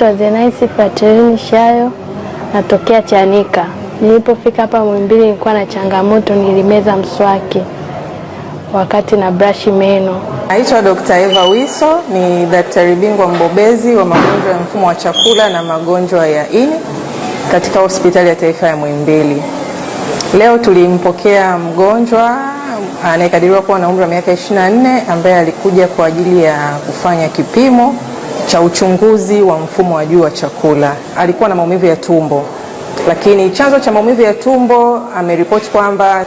Naitwa Zenaisi Fraterini Shayo, natokea Chanika. Nilipofika hapa Muhimbili nilikuwa na changamoto, nilimeza mswaki wakati na brashi meno. Naitwa Dr. Eva Wiso, ni daktari bingwa mbobezi wa magonjwa ya mfumo wa chakula na magonjwa ya ini katika hospitali ya taifa ya Muhimbili. Leo tulimpokea mgonjwa anayekadiriwa kuwa na umri wa miaka 24 ambaye alikuja kwa ajili ya kufanya kipimo cha uchunguzi wa mfumo wa juu wa chakula. Alikuwa na maumivu ya tumbo, lakini chanzo cha maumivu ya tumbo ameripoti kwamba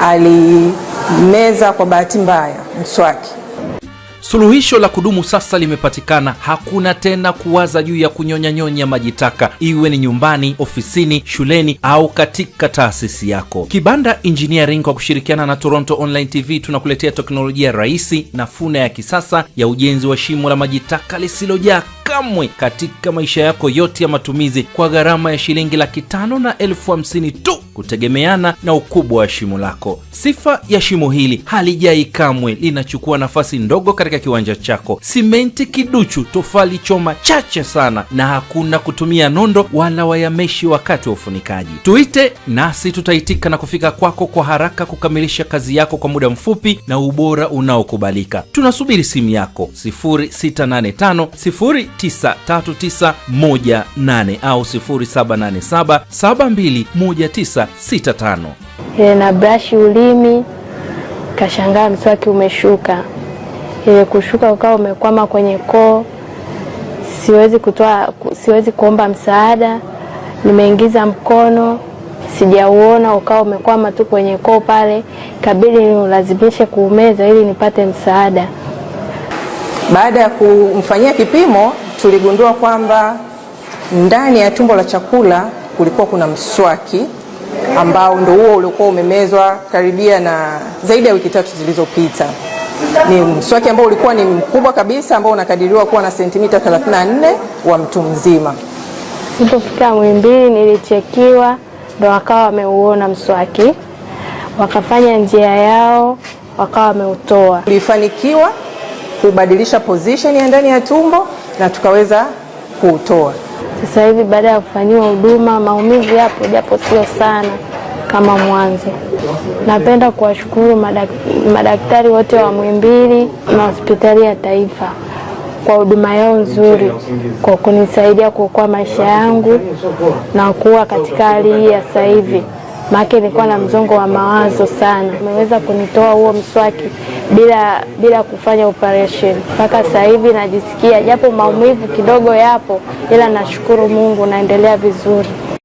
alimeza kwa bahati mbaya mswaki Suluhisho la kudumu sasa limepatikana. Hakuna tena kuwaza juu ya kunyonyanyonya maji taka, iwe ni nyumbani, ofisini, shuleni au katika taasisi yako. Kibanda Engineering kwa kushirikiana na Toronto Online TV tunakuletea teknolojia rahisi, nafuu na ya kisasa ya ujenzi wa shimo la maji taka lisilojaa kamwe katika maisha yako yote ya matumizi kwa gharama ya shilingi laki tano na elfu hamsini tu kutegemeana na ukubwa wa shimo lako. Sifa ya shimo hili halijai kamwe, linachukua nafasi ndogo katika kiwanja chako. Simenti kiduchu, tofali choma chache sana, na hakuna kutumia nondo wala wayameshi wakati wa ufunikaji. Tuite nasi tutaitika na kufika kwako kwa haraka kukamilisha kazi yako kwa muda mfupi na ubora unaokubalika. Tunasubiri simu yako 685 0939 180 au 0787 7219 965. Na brashi ulimi, kashangaa mswaki umeshuka, ile kushuka ukawa umekwama kwenye koo, siwezi kutoa, siwezi kuomba msaada, nimeingiza mkono sijauona ukawa umekwama tu kwenye koo pale, kabidi niulazimishe kuumeza ili nipate msaada. Baada ya kumfanyia kipimo, tuligundua kwamba ndani ya tumbo la chakula kulikuwa kuna mswaki ambao ndio huo uliokuwa umemezwa karibia na zaidi ya wiki tatu zilizopita. Ni mswaki ambao ulikuwa ni mkubwa kabisa ambao unakadiriwa kuwa na sentimita 34 wa mtu mzima. Nilipofika Muhimbili nilichekiwa, ndo wakawa wameuona mswaki, wakafanya njia yao, wakawa wameutoa. Tulifanikiwa kubadilisha position ya ndani ya tumbo na tukaweza kuutoa. Sasa hivi baada ya kufanyiwa huduma, maumivu yapo japo sio sana kama mwanzo. Napenda kuwashukuru madak madaktari wote wa Muhimbili na hospitali ya Taifa kwa huduma yao nzuri kwa kunisaidia kuokoa maisha yangu na kuwa katika hali hii ya sasa hivi maana ilikuwa na mzongo wa mawazo sana. Ameweza kunitoa huo mswaki bila, bila kufanya operation. Mpaka sasa hivi najisikia, japo maumivu kidogo yapo, ila nashukuru Mungu naendelea vizuri.